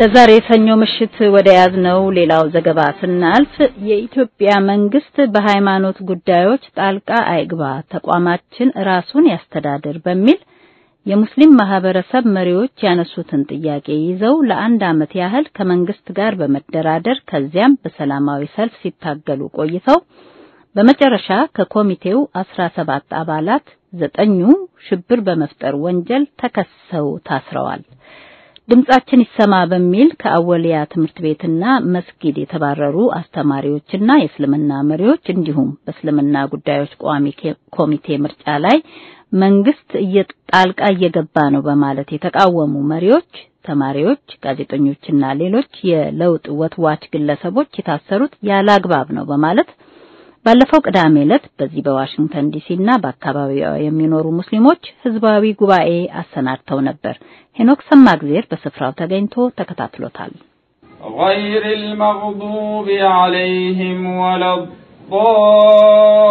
ለዛሬ ሰኞ ምሽት ወደ ያዝነው ሌላው ዘገባ ስናልፍ የኢትዮጵያ መንግስት በሃይማኖት ጉዳዮች ጣልቃ አይግባ፣ ተቋማችን ራሱን ያስተዳድር በሚል የሙስሊም ማህበረሰብ መሪዎች ያነሱትን ጥያቄ ይዘው ለአንድ ዓመት ያህል ከመንግስት ጋር በመደራደር ከዚያም በሰላማዊ ሰልፍ ሲታገሉ ቆይተው በመጨረሻ ከኮሚቴው 17 አባላት ዘጠኙ ሽብር በመፍጠር ወንጀል ተከሰው ታስረዋል። ድምጻችን ይሰማ በሚል ከአወልያ ትምህርት ቤትና መስጊድ የተባረሩ አስተማሪዎችና የእስልምና መሪዎች እንዲሁም በእስልምና ጉዳዮች ቋሚ ኮሚቴ ምርጫ ላይ መንግስት ጣልቃ እየገባ ነው በማለት የተቃወሙ መሪዎች፣ ተማሪዎች፣ ጋዜጠኞችና ሌሎች የለውጥ ወትዋች ግለሰቦች የታሰሩት ያለ አግባብ ነው በማለት ባለፈው ቅዳሜ ዕለት በዚህ በዋሽንግተን ዲሲ እና በአካባቢዋ የሚኖሩ ሙስሊሞች ህዝባዊ ጉባኤ አሰናድተው ነበር። ሄኖክ ሰማግዜር በስፍራው ተገኝቶ ተከታትሎታል። غير المغضوب عليهم ولا الضالين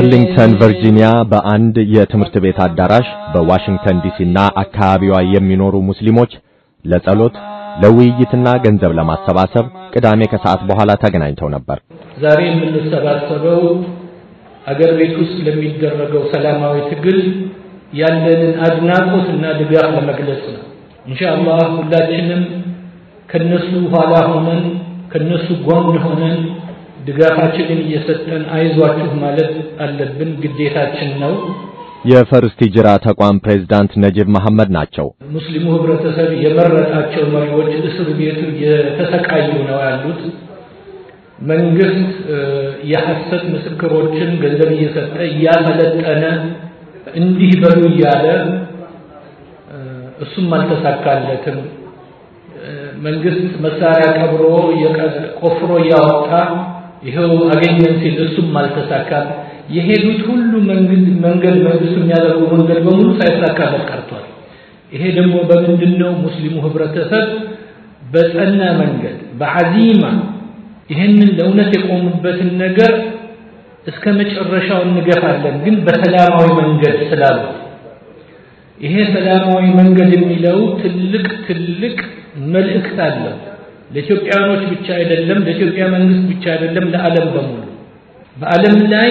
አርሊንግተን ቨርጂኒያ በአንድ የትምህርት ቤት አዳራሽ በዋሽንግተን ዲሲና አካባቢዋ የሚኖሩ ሙስሊሞች ለጸሎት ለውይይትና ገንዘብ ለማሰባሰብ ቅዳሜ ከሰዓት በኋላ ተገናኝተው ነበር። ዛሬ የምንሰባሰበው አገር ቤት ውስጥ ለሚደረገው ሰላማዊ ትግል ያለንን እና ድጋፍ ለመግለጽ ነው። ኢንሻአላህ ሁላችንም ከነሱ ኋላ ሆነን ከነሱ ጎን ሆነን ድጋፋችንን እየሰጠን አይዟችሁ ማለት አለብን፣ ግዴታችን ነው። የፈርስቲ ጅራ ተቋም ፕሬዝዳንት ነጂብ መሐመድ ናቸው። ሙስሊሙ ህብረተሰብ የመረጣቸው መሪዎች እስር ቤቱ የተሰቃዩ ነው ያሉት። መንግስት የሐሰት ምስክሮችን ገንዘብ እየሰጠ እያመለጠነ እንዲህ በሉ እያለ እሱም አልተሳካለትም። መንግስት መሳሪያ ቀብሮ ቆፍሮ እያወጣ ይኸው አገኘን ሲል እሱም አልተሳካም። የሄዱት ሁሉ መንገድ መንገድ መንግስቱ የሚያደርጉ መንገድ በሙሉ ሳይሳካበት ቀርቷል። ይሄ ደግሞ በምንድነው ሙስሊሙ ህብረተሰብ በጸና መንገድ በአዚማ ይህንን ለእውነት የቆሙበትን ነገር እስከ መጨረሻው እንገፋለን፣ ግን በሰላማዊ መንገድ ስላሉ ይሄ ሰላማዊ መንገድ የሚለው ትልቅ ትልቅ መልእክት አለው። ለኢትዮጵያውያኖች ብቻ አይደለም፣ ለኢትዮጵያ መንግስት ብቻ አይደለም፣ ለዓለም በሙሉ በዓለም ላይ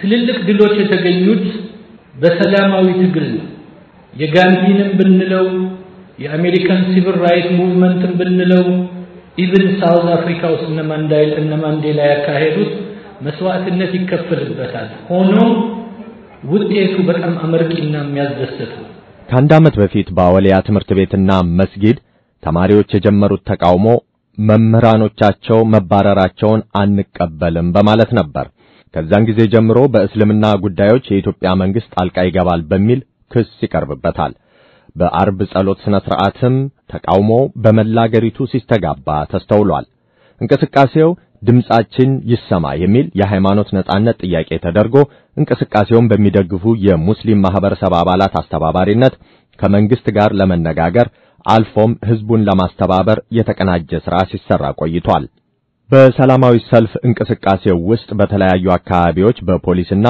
ትልልቅ ድሎች የተገኙት በሰላማዊ ትግል ነው። የጋንዲንም ብንለው የአሜሪካን ሲቪል ራይት ሙቭመንትን ብንለው ኢቭን ሳውዝ አፍሪካ ውስጥ እነ ማንዳይል እነ ማንዴላ ያካሄዱት መስዋዕትነት ይከፈልበታል። ሆኖም ውጤቱ በጣም አመርቂና የሚያስደስት ነው። ከአንድ ዓመት በፊት በአወልያ ትምህርት ቤትና መስጊድ ተማሪዎች የጀመሩት ተቃውሞ መምህራኖቻቸው መባረራቸውን አንቀበልም በማለት ነበር። ከዛን ጊዜ ጀምሮ በእስልምና ጉዳዮች የኢትዮጵያ መንግስት ጣልቃ ይገባል በሚል ክስ ይቀርብበታል። በአርብ ጸሎት ስነ ስርዓትም ተቃውሞ በመላ አገሪቱ ሲስተጋባ ተስተውሏል። እንቅስቃሴው ድምጻችን ይሰማ የሚል የሃይማኖት ነጻነት ጥያቄ ተደርጎ እንቅስቃሴውን በሚደግፉ የሙስሊም ማህበረሰብ አባላት አስተባባሪነት ከመንግስት ጋር ለመነጋገር አልፎም ሕዝቡን ለማስተባበር የተቀናጀ ሥራ ሲሰራ ቆይቷል። በሰላማዊ ሰልፍ እንቅስቃሴው ውስጥ በተለያዩ አካባቢዎች በፖሊስና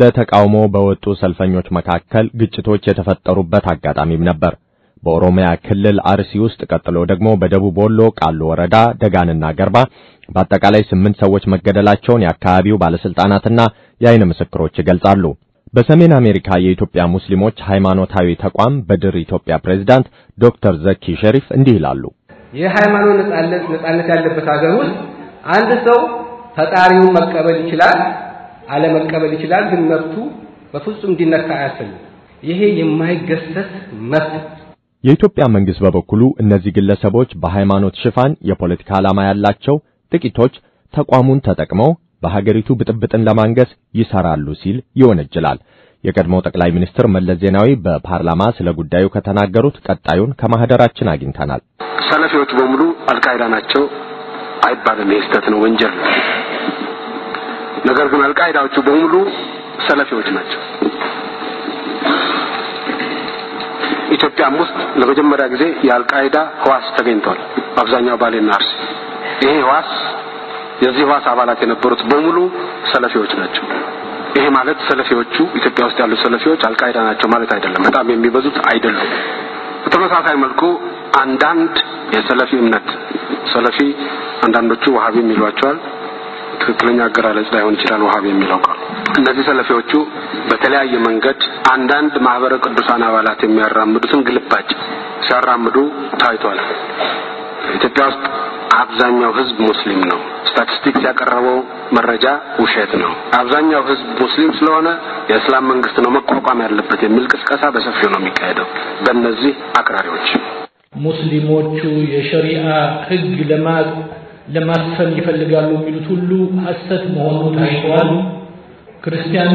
ለተቃውሞ በወጡ ሰልፈኞች መካከል ግጭቶች የተፈጠሩበት አጋጣሚም ነበር። በኦሮሚያ ክልል አርሲ ውስጥ ቀጥሎ ደግሞ በደቡብ ወሎ ቃሉ ወረዳ ደጋንና ገርባ በአጠቃላይ ስምንት ሰዎች መገደላቸውን የአካባቢው ባለስልጣናትና የአይን ምስክሮች ይገልጻሉ። በሰሜን አሜሪካ የኢትዮጵያ ሙስሊሞች ሃይማኖታዊ ተቋም በድር ኢትዮጵያ ፕሬዝዳንት ዶክተር ዘኪ ሸሪፍ እንዲህ ይላሉ። የሃይማኖት ነጻነት ነጻነት ያለበት ሀገር ውስጥ አንድ ሰው ፈጣሪውን መቀበል ይችላል፣ አለመቀበል ይችላል። ግን መብቱ በፍጹም እንዲነካ አያስፈልግም። ይሄ የማይገሰስ መብት። የኢትዮጵያ መንግስት በበኩሉ እነዚህ ግለሰቦች በሃይማኖት ሽፋን የፖለቲካ ዓላማ ያላቸው ጥቂቶች ተቋሙን ተጠቅመው በሀገሪቱ ብጥብጥን ለማንገስ ይሰራሉ ሲል ይወነጅላል። የቀድሞው ጠቅላይ ሚኒስትር መለስ ዜናዊ በፓርላማ ስለ ጉዳዩ ከተናገሩት ቀጣዩን ከማህደራችን አግኝተናል። ሰለፊዎቹ በሙሉ አልቃይዳ ናቸው አይባልም። የስተት ነው፣ ወንጀል ነው። ነገር ግን አልቃይዳዎቹ በሙሉ ሰለፊዎች ናቸው። ኢትዮጵያም ውስጥ ለመጀመሪያ ጊዜ የአልቃይዳ ህዋስ ተገኝቷል። በአብዛኛው ባሌና አርሲ ይሄ ህዋስ የዚህ ህዋስ አባላት የነበሩት በሙሉ ሰለፊዎች ናቸው። ይሄ ማለት ሰለፊዎቹ ኢትዮጵያ ውስጥ ያሉት ሰለፊዎች አልቃይዳ ናቸው ማለት አይደለም። በጣም የሚበዙት አይደሉም። በተመሳሳይ መልኩ አንዳንድ የሰለፊ እምነት ሰለፊ አንዳንዶቹ ዋሃቢ የሚሏቸዋል። ትክክለኛ አገላለጽ ላይሆን ይችላል ዋሃቢ የሚለው ቃል። እነዚህ ሰለፊዎቹ በተለያየ መንገድ አንዳንድ ማህበረ ቅዱሳን አባላት የሚያራምዱትን ግልባጭ ሲያራምዱ ታይቷል። ኢትዮጵያ ውስጥ አብዛኛው ህዝብ ሙስሊም ነው። ስታቲስቲክስ ያቀረበው መረጃ ውሸት ነው። አብዛኛው ህዝብ ሙስሊም ስለሆነ የእስላም መንግስት ነው መቋቋም ያለበት የሚል ቅስቀሳ በሰፊው ነው የሚካሄደው በእነዚህ አክራሪዎች። ሙስሊሞቹ የሸሪዓ ህግ ለማስፈን ይፈልጋሉ የሚሉት ሁሉ ሀሰት መሆኑ ታይተዋል። ክርስቲያን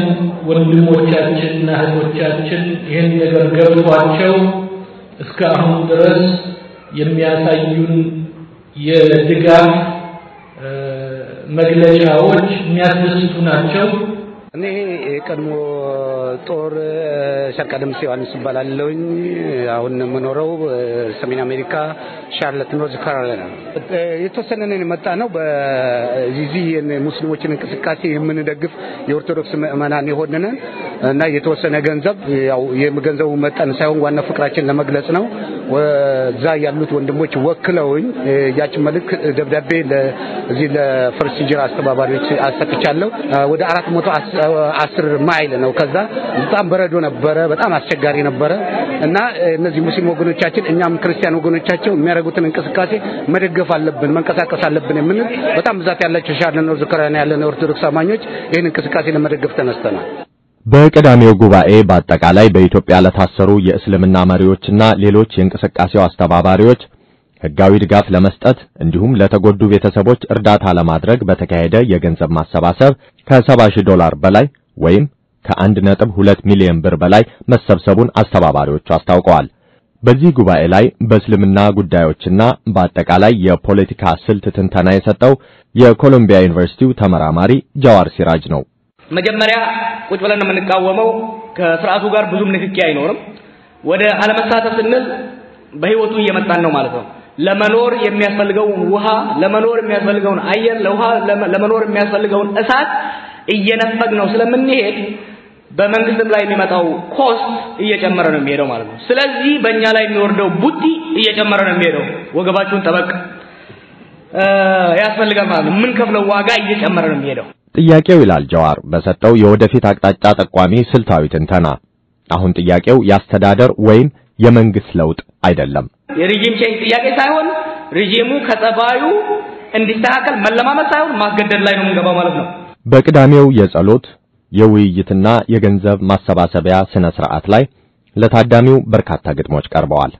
ወንድሞቻችንና እህቶቻችን ይህን ነገር ገብቷቸው እስከ አሁን ድረስ የሚያሳዩን የድጋፍ መግለጫዎች የሚያስደስቱ ናቸው። እኔ የቀድሞ ጦር ሻለቃ ደምሴ ዮሐንስ እባላለሁኝ። አሁን የምኖረው ሰሜን አሜሪካ ሻርለት ኖርዝ ካሮላይና የተወሰነ ነን የመጣ ነው። በዚህ ሙስሊሞችን እንቅስቃሴ የምንደግፍ የኦርቶዶክስ ምዕመናን የሆንነን እና የተወሰነ ገንዘብ ያው የገንዘቡ መጠን ሳይሆን ዋና ፍቅራችን ለመግለጽ ነው። እዛ ያሉት ወንድሞች ወክለውኝ ያችን መልክ ደብዳቤ እዚህ ለፈርስት ሂጅራ አስተባባሪዎች አሰጥቻለሁ። ወደ 410 ማይል ነው። ከዛ በጣም በረዶ ነበረ፣ በጣም አስቸጋሪ ነበረ እና እነዚህ ሙስሊም ወገኖቻችን እኛም ክርስቲያን ወገኖቻቸው የሚያደርጉትን እንቅስቃሴ መደገፍ አለብን፣ መንቀሳቀስ አለብን የምንል በጣም ብዛት ያላቸው ሻለነው ዝክራና ያለነው ኦርቶዶክስ አማኞች ይህን እንቅስቃሴ ለመደገፍ ተነስተናል። በቅዳሜው ጉባኤ በአጠቃላይ በኢትዮጵያ ለታሰሩ የእስልምና መሪዎችና ሌሎች የእንቅስቃሴው አስተባባሪዎች ሕጋዊ ድጋፍ ለመስጠት እንዲሁም ለተጎዱ ቤተሰቦች እርዳታ ለማድረግ በተካሄደ የገንዘብ ማሰባሰብ ከ70 ሺህ ዶላር በላይ ወይም ከ1.2 ሚሊዮን ብር በላይ መሰብሰቡን አስተባባሪዎቹ አስታውቀዋል። በዚህ ጉባኤ ላይ በእስልምና ጉዳዮችና በአጠቃላይ የፖለቲካ ስልት ትንተና የሰጠው የኮሎምቢያ ዩኒቨርሲቲው ተመራማሪ ጃዋር ሲራጅ ነው። መጀመሪያ ቁጭ ብለን የምንቃወመው ከስርዓቱ ጋር ብዙም ንክኪ አይኖርም። ወደ አለመሳተፍ ስንል በህይወቱ እየመጣን ነው ማለት ነው። ለመኖር የሚያስፈልገውን ውሃ፣ ለመኖር የሚያስፈልገውን አየር፣ ለውሃ ለመኖር የሚያስፈልገውን እሳት እየነፈግ ነው ስለምንሄድ በመንግስትም ላይ የሚመጣው ኮስት እየጨመረ ነው የሚሄደው ማለት ነው። ስለዚህ በእኛ ላይ የሚወርደው ቡጢ እየጨመረ ነው የሚሄደው። ወገባችሁን ጠበቅ ያስፈልጋል ማለት ነው። የምንከፍለው ዋጋ እየጨመረ ነው የሚሄደው። ጥያቄው ይላል ጀዋር በሰጠው የወደፊት አቅጣጫ ጠቋሚ ስልታዊ ትንተና። አሁን ጥያቄው የአስተዳደር ወይም የመንግስት ለውጥ አይደለም። የሪጂም ቼንጅ ጥያቄ ሳይሆን ሪጂሙ ከጸባዩ እንዲስተካከል መለማመት ሳይሆን ማስገደድ ላይ ነው የምንገባው ማለት ነው። በቅዳሜው የጸሎት የውይይትና የገንዘብ ማሰባሰቢያ ስነ ስርዓት ላይ ለታዳሚው በርካታ ግጥሞች ቀርበዋል።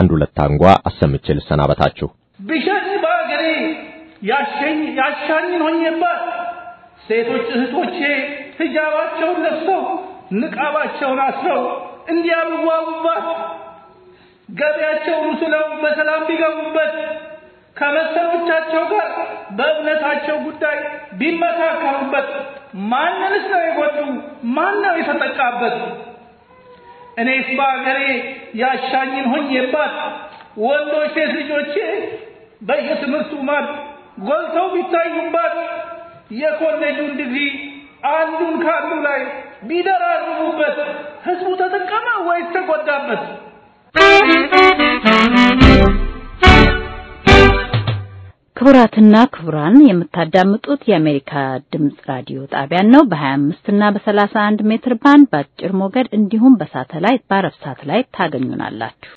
አንድ ሁለት አንጓ አሰምቼ ልሰናበታችሁ። ቢሸኝ በአገሬ ያሸኝ ያሻኝን ሆኜባት ሴቶች እህቶቼ ሂጃባቸውን ለብሰው ንቃባቸውን አስረው እንዲያዋቡባት ገበያቸውን ስለው በሰላም ቢገቡበት ከመሰሎቻቸው ጋር በእምነታቸው ጉዳይ ቢመካከሩበት ማንንስ ነው የጎዱ? ማን ነው የተጠቃበት? እኔስ በአገሬ ያሻኝን ሆኜባት ወንዶች ሴት ልጆቼ በየትምህርቱ ማድ ጎልተው ቢታዩባት የኮሌጁን ዲግሪ አንዱን ከአንዱ ላይ ቢደራርቡበት ህዝቡ ተጠቀመ ወይስ ተጎዳበት? ክቡራትና ክቡራን የምታዳምጡት የአሜሪካ ድምጽ ራዲዮ ጣቢያን ነው። በ25 እና በ31 ሜትር ባንድ በአጭር ሞገድ እንዲሁም በሳተላይት በአረብ ሳተላይት ላይ ታገኙናላችሁ።